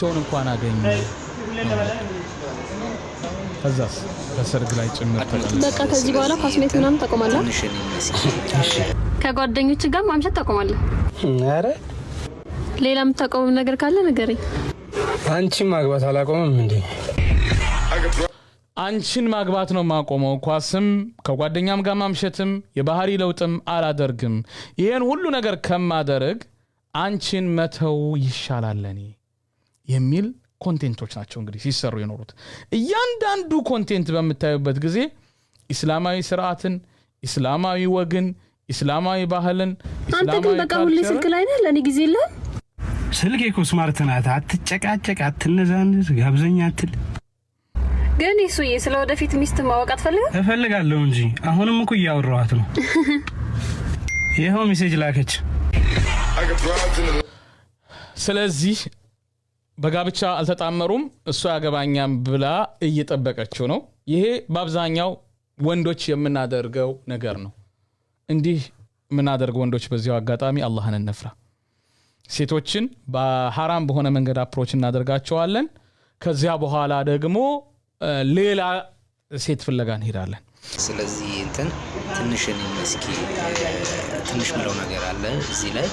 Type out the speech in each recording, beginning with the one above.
ቸውን እንኳን አገኙ። ከዛ ከሰርግ ላይ ጭምር በቃ ከዚህ በኋላ ኳስሜት ምናምን ታቆማለህ። ከጓደኞች ጋር ማምሸት ታቆማለህ። አረ ሌላ የምታቆመው ነገር ካለ ንገረኝ። አንቺን ማግባት አላቆምም እንዴ? አንቺን ማግባት ነው የማቆመው። ኳስም ከጓደኛም ጋር ማምሸትም የባህሪ ለውጥም አላደርግም። ይሄን ሁሉ ነገር ከማደርግ አንቺን መተው ይሻላል ለኔ የሚል ኮንቴንቶች ናቸው እንግዲህ ሲሰሩ የኖሩት። እያንዳንዱ ኮንቴንት በምታዩበት ጊዜ ኢስላማዊ ስርዓትን፣ ኢስላማዊ ወግን፣ ኢስላማዊ ባህልን አንተ ግን በቃ ሁሌ ስልክ ላይ ነህ፣ ለእኔ ጊዜ የለህም። ስልክ የኮ ስማርት ናት። አትጨቃጨቅ፣ አትነዛንዝ፣ ጋብዘኛ አትል ግን ይሱዬ ስለ ወደፊት ሚስት ማወቅ አትፈልግም? እፈልጋለሁ እንጂ አሁንም እኮ እያወራኋት ነው። ይኸው ሜሴጅ ላከች። ስለዚህ በጋብቻ አልተጣመሩም፣ እሷ ያገባኛም ብላ እየጠበቀችው ነው። ይሄ በአብዛኛው ወንዶች የምናደርገው ነገር ነው። እንዲህ የምናደርገው ወንዶች በዚያው አጋጣሚ አላህን እንፍራ። ሴቶችን በሀራም በሆነ መንገድ አፕሮች እናደርጋቸዋለን። ከዚያ በኋላ ደግሞ ሌላ ሴት ፍለጋ እንሄዳለን። ስለዚህ እንትን ትንሽ እኔ እስኪ ትንሽ ምለው ነገር አለ እዚህ ላይ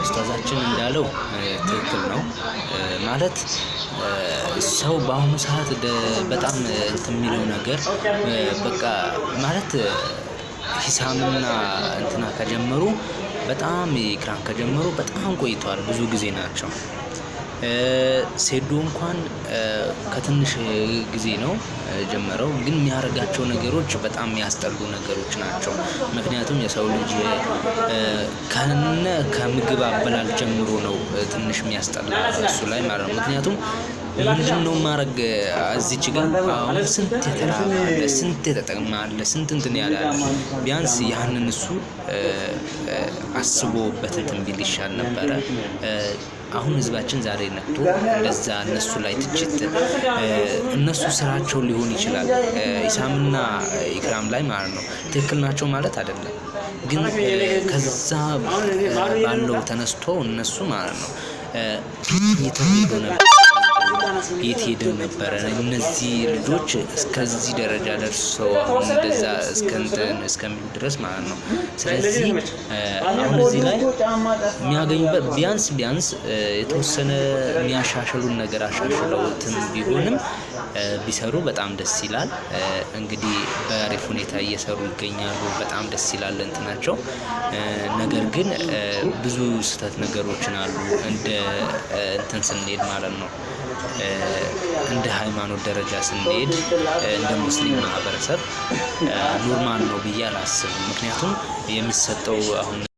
ኡስታዛችን እንዳለው ትክክል ነው ማለት ሰው በአሁኑ ሰዓት በጣም እንትን የሚለው ነገር በቃ ማለት ሂሳምና እንትና ከጀመሩ በጣም ኢክራም ከጀመሩ በጣም ቆይተዋል። ብዙ ጊዜ ናቸው። ሴዱ እንኳን ከትንሽ ጊዜ ነው ጀመረው፣ ግን የሚያደርጋቸው ነገሮች በጣም የሚያስጠሉ ነገሮች ናቸው። ምክንያቱም የሰው ልጅ ከነ ከምግብ አበላል ጀምሮ ነው ትንሽ የሚያስጠላ እሱ ላይ ማለት ነው። ምክንያቱም ምንድን ነው ማድረግ እዚች ጋር አሁን ስንት የተራለ ስንት የተጠቅማለ ስንት እንትን ያላለ ቢያንስ ያንን እሱ አስቦበት እንትን ቢል ይሻል ነበረ። አሁን ህዝባችን ዛሬ ነቅቶ እንደዛ እነሱ ላይ ትችት እነሱ ስራቸው ሊሆን ይችላል ኢሳምና ኢክራም ላይ ማለት ነው። ትክክል ናቸው ማለት አይደለም፣ ግን ከዛ ባለው ተነስቶ እነሱ ማለት ነው የተፈ የት ሄደው ነበረ? እነዚህ ልጆች እስከዚህ ደረጃ ደርሰው አሁን እንደዛ እስከንትን እስከሚሉ ድረስ ማለት ነው። ስለዚህ አሁን እዚህ ላይ የሚያገኙበት ቢያንስ ቢያንስ የተወሰነ የሚያሻሽሉን ነገር አሻሽለውትም ቢሆንም ቢሰሩ በጣም ደስ ይላል። እንግዲህ በአሪፍ ሁኔታ እየሰሩ ይገኛሉ። በጣም ደስ ይላል እንትናቸው። ነገር ግን ብዙ ስህተት ነገሮችን አሉ እንደ እንትን ስንሄድ ማለት ነው። እንደ ሃይማኖት ደረጃ ስንሄድ እንደ ሙስሊም ማህበረሰብ ኑርማን ነው ብዬ አላስብም። ምክንያቱም የሚሰጠው አሁን